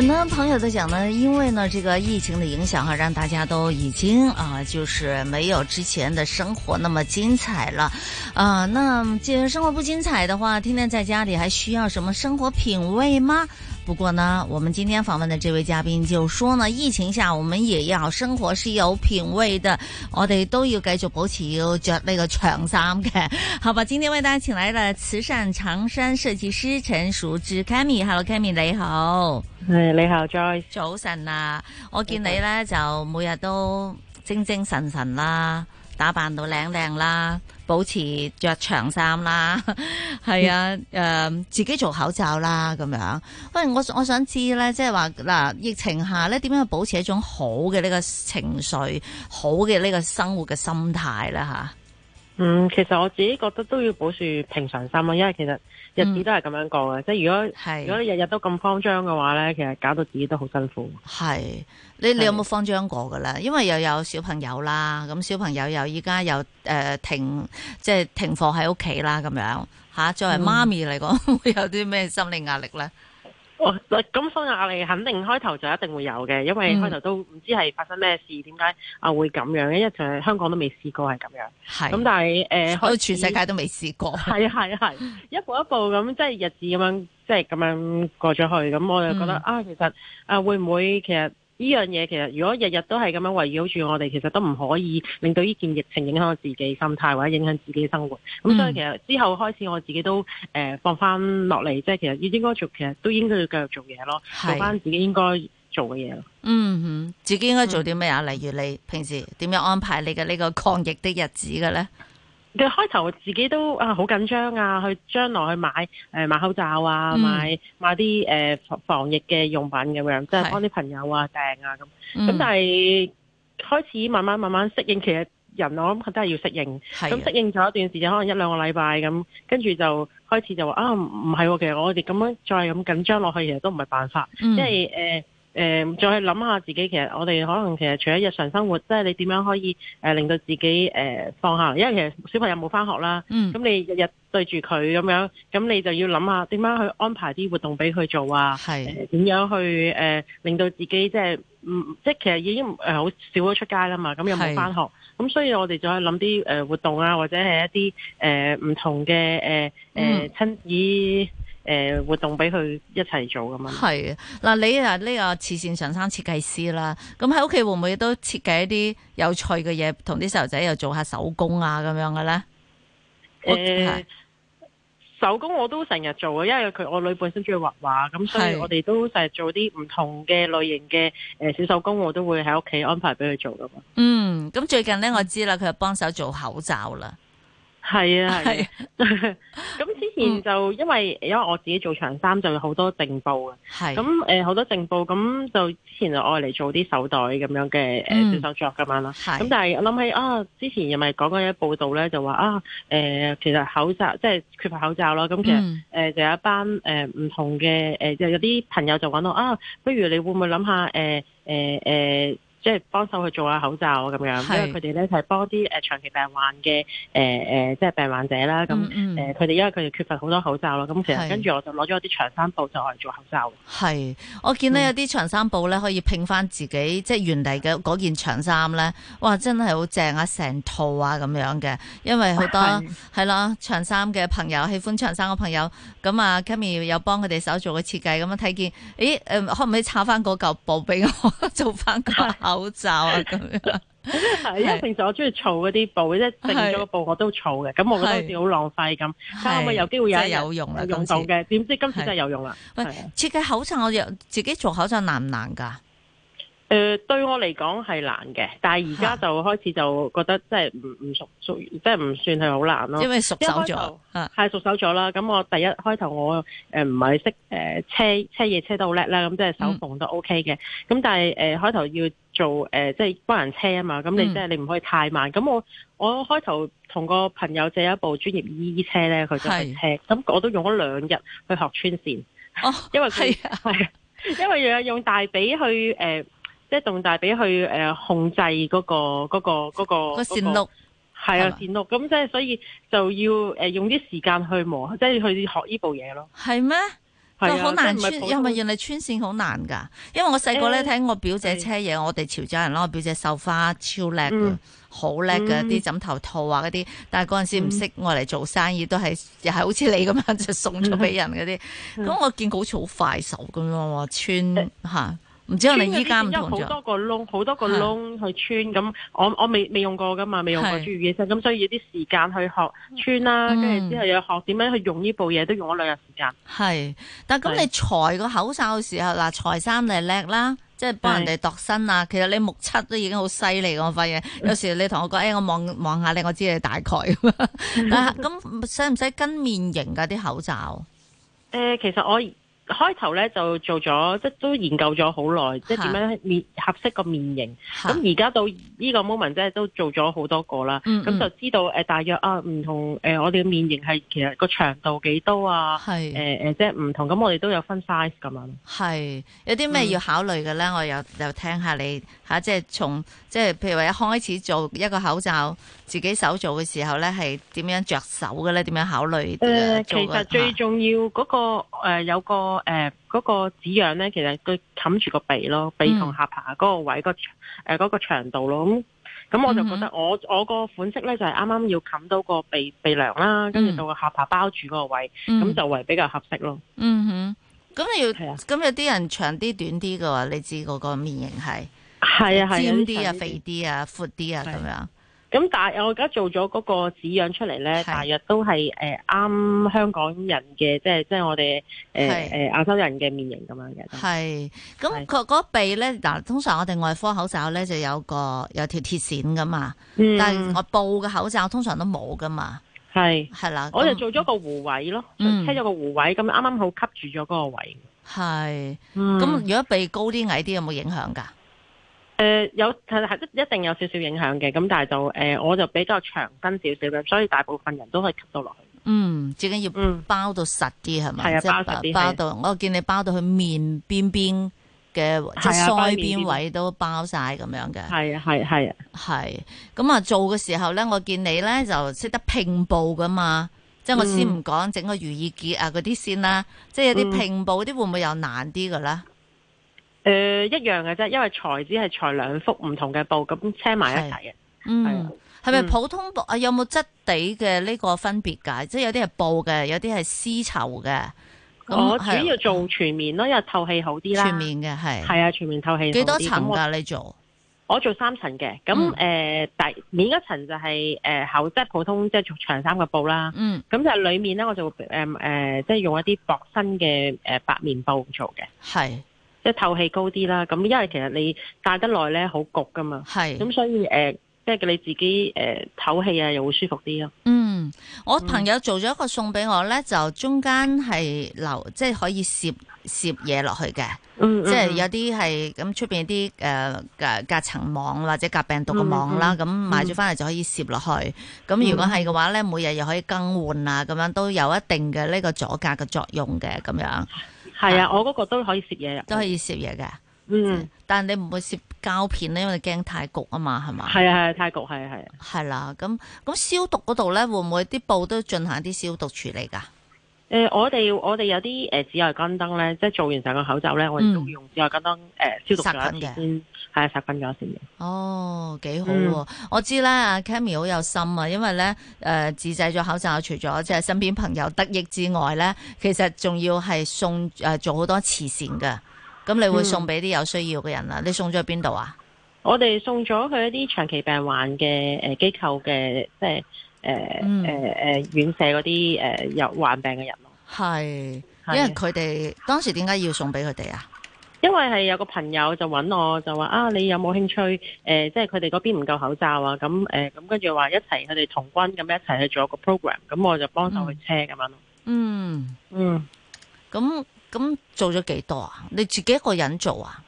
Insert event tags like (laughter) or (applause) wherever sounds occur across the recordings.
很多、嗯、朋友在講呢，因為呢這個疫情的影響哈、啊，讓大家都已經啊，就是沒有之前的生活那麼精彩了。啊，那既然生活不精彩的話，天天在家裏還需要什麼生活品味嗎？不過呢，我們今天訪問的這位嘉賓就說呢，疫情下我們也要生活是有品味的。我哋都要繼續保持要着呢個長衫嘅，好吧？今天為大家請來了慈善長衫設計師陳淑芝 Kami，Hello，Kami，大家好。你後再早晨啊！我見你咧，就每日都精精神神啦，打扮到靚靚啦，保持着長衫啦，係啊，誒、 (laughs) 呃，自己做口罩啦咁樣。喂，我我想知咧，即係話嗱，疫情下咧，點樣保持一種好嘅呢個情緒，好嘅呢個生活嘅心態咧？吓？嗯，其實我自己覺得都要保持平常心咯，因為其實日子都係咁樣過嘅，嗯、即係如果係如果你日日都咁慌張嘅話咧，其實搞到自己都好辛苦。係，你你有冇慌張過噶啦？因為又有小朋友啦，咁小朋友又依家又誒、呃、停，即係停課喺屋企啦，咁樣吓、啊，作為媽咪嚟講，會、嗯、 (laughs) 有啲咩心理壓力咧？咁所以壓力肯定開頭就一定會有嘅，因為開頭都唔知係發生咩事，點解啊會咁樣？因為就係香港都未試過係咁樣，咁是但係誒，可、呃、能全世界都未試過。係啊係啊係，一步一步咁即係日子咁樣，即係咁樣過咗去，咁我就覺得、嗯、啊，其實啊會唔會其實？呢樣嘢其實如果日日都係咁樣圍繞住我哋，其實都唔可以令到呢件疫情影響我自己心態或者影響自己生活。咁、嗯、所以其實之後開始我自己都誒、呃、放翻落嚟，即係其實應該做，其實都應該要繼續做嘢咯，是做翻自己應該做嘅嘢。嗯哼，自己應該做啲咩啊？嗯、例如你平時點樣安排你嘅呢個抗疫的日子嘅咧？佢開頭自己都啊好緊張啊，去將來去買誒買口罩啊，嗯、買買啲防、呃、防疫嘅用品咁樣，即係幫啲朋友啊訂啊咁。咁但係開始慢慢慢慢適應，其實人我諗佢都係要適應。咁的適應咗一段時間，可能一兩個禮拜咁，跟住就開始就話啊唔係、啊，其實我哋咁樣再咁緊張落去，其實都唔係辦法，嗯、因為、呃誒、呃，再去諗下自己，其實我哋可能其實除咗日常生活，即係你點樣可以誒、呃、令到自己誒、呃、放下，因為其實小朋友冇翻學啦，咁、嗯、你日日對住佢咁樣，咁你就要諗下點樣去安排啲活動俾佢做啊，係點是、呃、樣去誒、呃、令到自己、呃、即係唔即係其實已經好、呃、少咗出街啦嘛，咁又冇翻學，咁是所以我哋再去諗啲誒活動啊，或者係一啲誒唔同嘅誒誒親以。誒、呃，活動俾佢一齊做咁樣。係啊，嗱，你啊呢個慈善長衫設計師啦，咁喺屋企會唔會都設計一啲有趣嘅嘢，同啲細路仔又做下手工啊，咁樣嘅咧？誒、呃，是手工我都成日做啊，因為佢我女本身中意畫畫，咁是所以我哋都成日做啲唔同嘅類型嘅誒小手工，我都會喺屋企安排俾佢做噶嘛。嗯，咁最近咧，我知啦，佢又幫手做口罩啦。係啊，係、啊。咁、啊、 (laughs) 之前就因為、嗯、因為我自己做長衫，就有好多定報啊。係。咁誒好多定報，咁就之前就愛嚟做啲手袋咁樣嘅誒小手作咁樣咯。係、啊。咁但係我諗起啊，之前又咪講過一報道咧，就話啊誒、呃，其實口罩即係缺乏口罩囉。咁其實誒、嗯呃、就有一班誒唔、呃、同嘅誒，就、呃、有啲朋友就揾我啊，不如你會唔會諗下誒誒誒？呃呃呃即係幫手去做下口罩咁樣，因為佢哋咧係幫啲誒長期病患嘅誒誒，即係病患者啦。咁誒、嗯，佢哋因為佢哋缺乏好多口罩咯。咁其實跟住我就攞咗啲長衫布就嚟做口罩。係，我見咧有啲長衫布咧可以拼翻自己即係原嚟嘅嗰件長衫咧，哇，真係好正啊！成套啊咁樣嘅，因為好多係咯是長衫嘅朋友，喜歡長衫嘅朋友，咁啊，Kimi 有幫佢哋手做個設計，咁樣睇見，誒，可唔可以拆翻嗰嚿布俾我 (laughs) 做翻個？ (laughs) 口罩啊咁樣，係 (laughs) 因為平時我中意儲嗰啲布，即係是剩咗個布我都儲嘅，咁是我覺得好似好浪費咁，睇是可唔可以有機會有人有用啦。用到嘅？點知今，次今次真係有用啦。是是喂，設計口罩我又自己做口罩難唔難噶？誒、呃、對我嚟講係難嘅，但係而家就開始就覺得即係唔唔熟熟，即係唔算係好難咯、啊。因為熟手咗，係、啊、熟手咗啦。咁我第一開頭我誒唔係識誒車車嘢車得好叻咧，咁即係手縫都 OK 嘅。咁、嗯、但係誒、呃、開頭要做誒即係幫人車啊嘛，咁你即係、嗯、你唔可以太慢。咁我我開頭同個朋友借一部專業衣車咧，佢就去車，咁是我都用咗兩日去學穿線，哦、因為佢係是、啊、 (laughs) 因為用用大髀去誒。呃即係動大髀去誒控制嗰個嗰個個個線路，係啊線路，咁即係所以就要誒用啲時間去磨，即係去學呢部嘢咯。係咩？都好難穿，因為原來穿線好難噶。因為我細個呢，睇我表姐車嘢，我哋潮州人咯，表姐繡花超叻嘅，好叻嘅啲枕頭套啊嗰啲。但係嗰陣時唔識我嚟做生意，都係又係好似你咁樣就送咗俾人嗰啲。咁我見佢好似好快手咁樣穿吓。唔知我哋穿呢啲，有好多個窿，好多個窿去穿。咁是我我未未用過噶嘛，未用過專業嘢。咁是所以啲時間去學穿啦，跟住、嗯、之後又學點樣去用呢部嘢，都用咗兩日時間。係，但係咁你裁個口罩嘅時候，嗱裁衫你叻啦，即係幫人哋度身啊。是其實你目測都已經好犀利我發現。有時你同我講，誒、嗯哎，我望望下你，我知你大概。 (laughs) (laughs) 但咁使唔使跟面型嗰啲口罩？誒、呃，其實我。開頭咧就做咗，即係都研究咗好耐，是即係點樣面合適個面型。咁而家到呢個 moment 即係都做咗好多個啦，咁、嗯、就知道誒大約啊唔同誒、呃、我哋嘅面型係其實個長度幾多啊？誒誒是、呃、即係唔同咁我哋都有分 size 咁樣。係有啲咩要考慮嘅咧？嗯、我又又聽下你吓、啊，即係從即係譬如話一開始做一個口罩自己手做嘅時候咧，係點樣着手嘅咧？點樣考慮、呃、的其實最重要嗰、那個、啊呃、有個。誒，嗰、呃那個指樣咧，其實佢冚住個鼻咯，鼻同下巴嗰個位，個誒嗰個長度咯，咁咁我就覺得我我個款式，咧就係啱啱要冚到個鼻鼻梁啦，跟住到個下巴包住嗰個位，咁、嗯、就為比較合適咯。嗯哼，咁你要咁、啊、有啲人長啲、短啲嘅話，你知嗰個面型，係係啊，尖啲啊、肥啲啊、闊啲啊咁樣。咁但係，我而家做咗嗰個紙樣出嚟咧，是大約都係誒啱香港人嘅，即係即係我哋誒誒亞洲人嘅面型咁樣嘅。係，咁、那個嗰、那個、鼻咧，嗱，通常我哋外科口罩咧就有個有條鐵線噶嘛，嗯、但我布嘅口罩通常都冇噶嘛。係是，係啦，我就做咗個弧位咯，車咗、嗯、個弧位，咁啱啱好吸住咗嗰個位。係，咁如果鼻高啲矮啲有冇影響㗎？誒，有係係一定有少少影響嘅，咁但係就誒，我就比較長身少少嘅，所以大部分人都可以吸到落去。嗯，最緊要包到實啲係咪？係啊，包到包到，我見你包到佢面邊邊嘅腮邊位都包晒咁樣嘅。係啊，係係係。咁啊，做嘅時候咧，我見你咧就識得拼布噶嘛，即係我先唔講整個如意結啊嗰啲先啦，即係有啲拼布嗰啲會唔會又難啲噶咧？誒，一樣嘅啫，因為材只係裁兩幅唔同嘅布，咁車埋一齊嘅。嗯，係咪普通布啊？有冇質地嘅呢個分別噶？即係有啲係布嘅，有啲係絲綢嘅。我主要做全棉咯，因為透氣好啲啦。全棉嘅係。係啊，全棉透氣好啲。幾多層噶？你做？我做三層嘅。咁誒，第面一層就係誒厚質普通即係長衫嘅布啦。嗯。咁就裏面咧，我就誒誒，即係用一啲薄身嘅誒白棉布做嘅。係。即係透氣高啲啦，咁因為其實你戴得耐咧好焗㗎嘛，咁係所以誒、呃、即係你自己誒、呃、透氣啊又會舒服啲咯。嗯，我朋友做咗一個送俾我咧，就中間係留即係、就是、可以攝攝嘢落去嘅，嗯嗯即係有啲係咁出邊啲誒隔層網或者隔病毒嘅網啦，咁、嗯嗯、買咗翻嚟就可以攝落去。咁、嗯嗯、如果係嘅話咧，每日又可以更換啊，咁樣都有一定嘅呢個阻隔嘅作用嘅咁樣。係啊，我嗰個都可以攝嘢啊，都可以攝嘢嘅。嗯，嗯，但係你唔會攝膠片咧，因為你驚太焗啊嘛，係嘛？係啊係，太焗係啊係。係啦，啊，咁咁，啊、消毒嗰度咧，會唔會啲布都進行一啲消毒處理噶？誒、呃，我哋我哋有啲誒、呃、紫外線燈咧，即係做完成個口罩咧，嗯、我哋都要用紫外線燈誒消毒咗一次係十分鐘先哦，幾好喎！嗯、我知啦，阿 Cammy 好有心啊，因為咧，誒、呃、自製咗口罩，除咗即係身邊朋友得益之外咧，其實仲要係送誒、呃、做好多慈善嘅。咁你會送俾啲有需要嘅人，嗯、啊？你送咗去邊度啊？我哋送咗去一啲長期病患嘅誒機構嘅，即係誒誒誒院舍嗰啲誒有患病嘅人咯。係，因為佢哋是當時點解要送俾佢哋啊？因為係有個朋友就揾我就話啊，你有冇興趣？誒、呃，即係佢哋嗰邊唔夠口罩啊，咁、嗯、誒，咁跟住話一齊，佢哋同軍咁一齊去做一個 program，咁我就幫手去車咁樣咯。嗯嗯，咁咁做咗幾多啊？你自己一個人做啊？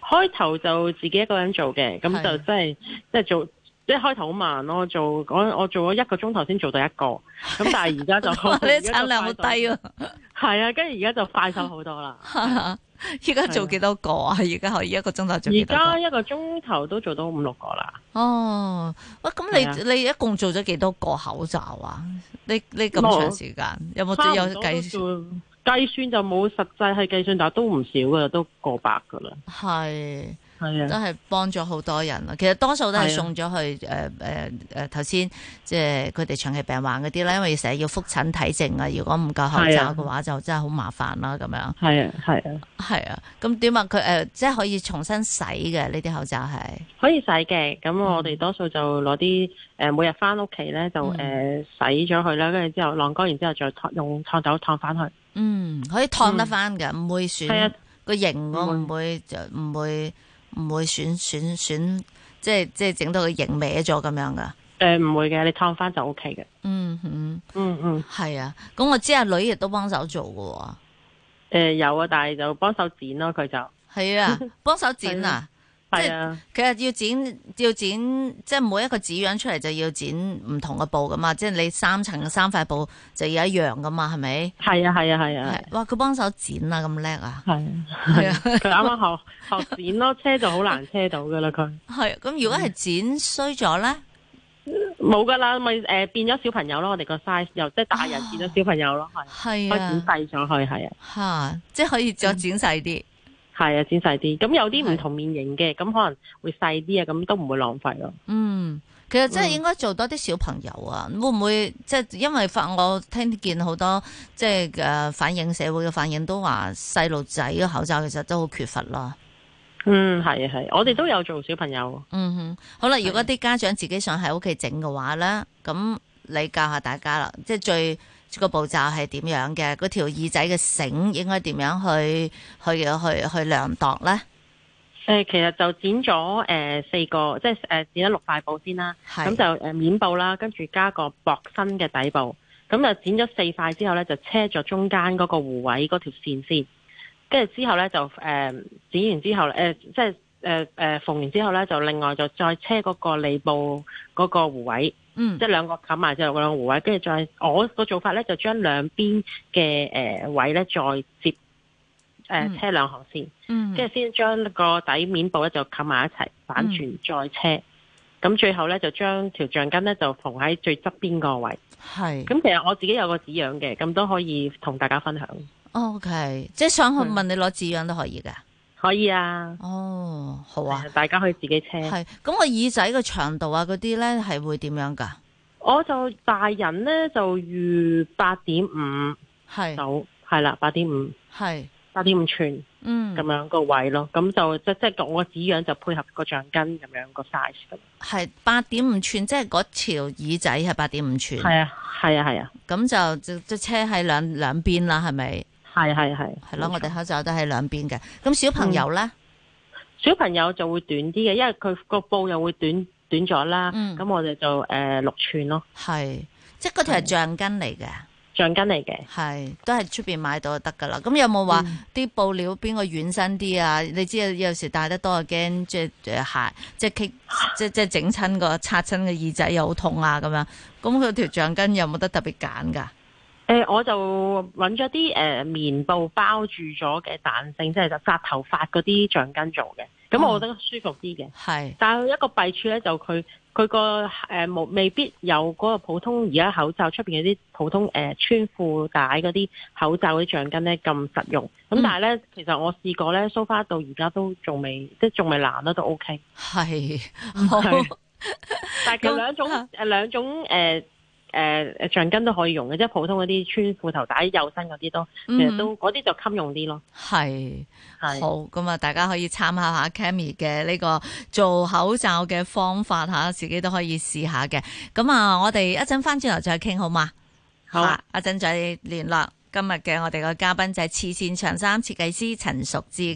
開頭就自己一個人做嘅，咁就即係的即係做，即係開頭好慢咯，做我做咗一個鐘頭先做到一個，咁但係而家就你，啲產 (laughs) (laughs) 量好低啊！係啊，跟住而家就快手好 (laughs) 多啦。 (laughs) 而家做幾多個啊？而家可以一個鐘頭做幾多個？而家一個鐘頭都做到五六個啦。哦，喂，咁你的你一共做咗幾多個口罩啊？你你咁長時間有冇有計算？計算就冇實際係計算，但係都唔少噶啦，都過百噶啦。係。係啊，都係幫咗好多人。其實多數都係送咗去誒誒誒，頭先即係佢哋長期病患嗰啲啦，因為成日要覆診睇症啊。如果唔夠口罩嘅話，啊、就真係好麻煩啦。咁樣係啊，係啊，係啊。咁點啊？佢誒、呃，即係可以重新洗嘅呢啲口罩係可以洗嘅。咁我哋多數就攞啲誒，每日翻屋企咧就誒、嗯呃、洗咗佢啦。跟住之後晾乾，然之後再用燙酒燙翻去。嗯，可以燙得翻嘅，唔、嗯、會損個形，我唔會就唔會。唔會損損損，即係即係整到佢形歪咗咁樣噶。誒、呃，唔會嘅，你燙翻就 O K 嘅。嗯嗯哼嗯嗯，係啊。咁我知阿女亦都幫手做嘅。誒、呃，有啊，但係就幫手剪咯，佢就係啊，幫手剪啊。 (laughs) 係啊，即係，其實要剪要剪，即係每一個紙樣出嚟就要剪唔同嘅布噶嘛，即係你三層三塊布就要一樣噶嘛，係咪？係啊係啊係啊！係啊係啊係啊哇，佢幫手剪啊，咁叻啊！係啊，佢啱啱學 (laughs) 學剪咯，啊，車就好難車到噶啦佢。係咁，係啊，如果係剪衰咗咧？冇噶啦，咪誒、就係呃、變咗小朋友咯，我哋個 size 又即係大人變咗小朋友咯，係。係啊。剪細上去係啊。吓，啊啊，即係可以再剪細啲。 (laughs) 係啊，剪細啲，咁有啲唔同面型嘅，咁係啊，可能會細啲啊，咁都唔會浪費咯。嗯，其實真係應該做多啲小朋友啊，會唔會即係、就是、因為發我聽見好多即係誒反映社會嘅反應都話細路仔嘅口罩其實都好缺乏咯。嗯，係啊係，我哋都有做小朋友、啊。嗯哼，好啦，如果啲家長自己想喺屋企整嘅話咧，咁你教下大家啦，即係最。個步驟係點樣嘅？嗰條耳仔嘅繩應該點樣去去去去量度咧？誒，其實就剪咗誒、呃、四個，即係誒剪咗六塊布先啦。咁的就誒面布啦，跟住加個薄身嘅底部。咁就剪咗四塊之後咧，就車咗中間嗰個弧位嗰條線先。跟住之後咧就誒、呃、剪完之後誒、呃、即係。誒誒縫完之後咧，就另外就再車嗰個裏布嗰個弧位，嗯，即係兩個冚埋就兩個弧位，跟住再我個做法咧，就將兩邊嘅、誒、呃、位咧再接誒、呃、車兩行先，嗯，即係先將個底面部咧就冚埋一齊反轉再車，咁、嗯、最後咧就將條橡筋咧就縫喺最側邊個位，係是，咁其實我自己有個紙樣嘅，咁都可以同大家分享。O、okay, K，即係想去問你攞紙樣都可以噶。可以啊，哦，好啊，大家可以自己車。係咁個耳仔個長度啊，嗰啲咧係會點樣噶？我就大人咧就預八點五，係到係啦，八點五，係八點五寸，嗯，咁樣個位咯，咁就即即係我個紙樣就配合個橡筋咁樣個 size。係八點五寸，即係嗰條耳仔係八點五寸。係啊，係啊，係啊，咁就就即車喺兩兩邊啦，係咪？係係係，係咯，我哋口罩都喺兩邊嘅。咁小朋友咧、嗯，小朋友就會短啲嘅，因為佢個布又會短短咗啦。咁、嗯、我哋就誒六寸咯。係，即係嗰條係橡筋嚟嘅，橡筋嚟嘅。係，都係出邊買到就得噶啦。咁有冇話啲布料邊個軟身啲啊？嗯、你知道有時戴得多又驚着誒鞋，即係棘、啊，即係即係整親個擦親嘅耳仔又好痛啊咁樣。咁佢條橡筋有冇得特別揀噶？誒、欸，我就揾咗啲誒棉布包住咗嘅彈性，即係就紮頭髮嗰啲橡筋做嘅，咁、嗯、我覺得舒服啲嘅。係是，但係一個弊處咧，就佢佢、個誒冇、呃、未必有嗰個普通而家口罩出邊嗰啲普通誒穿褲帶嗰啲口罩嘅啲橡筋咧咁實用。咁、嗯、但係咧，其實我試過咧，蘇花到而家都仲未，即係仲未爛得都 OK。係，是 (laughs) 但係其實兩種誒，兩、 (laughs) 呃啊、種誒。呃誒誒，橡筋都可以用嘅，即係普通嗰啲穿褲頭帶右身嗰啲都，mm hmm. 其實都嗰啲就襟用啲咯。係係是是好咁啊！那大家可以參考一下 Cammy 嘅呢個做口罩嘅方法吓，自己都可以試下嘅。咁啊，我哋一陣翻轉頭再傾好嗎？好啦，阿珍再聯絡今日嘅我哋嘅嘉賓就係慈善長衫設計師陳淑芝。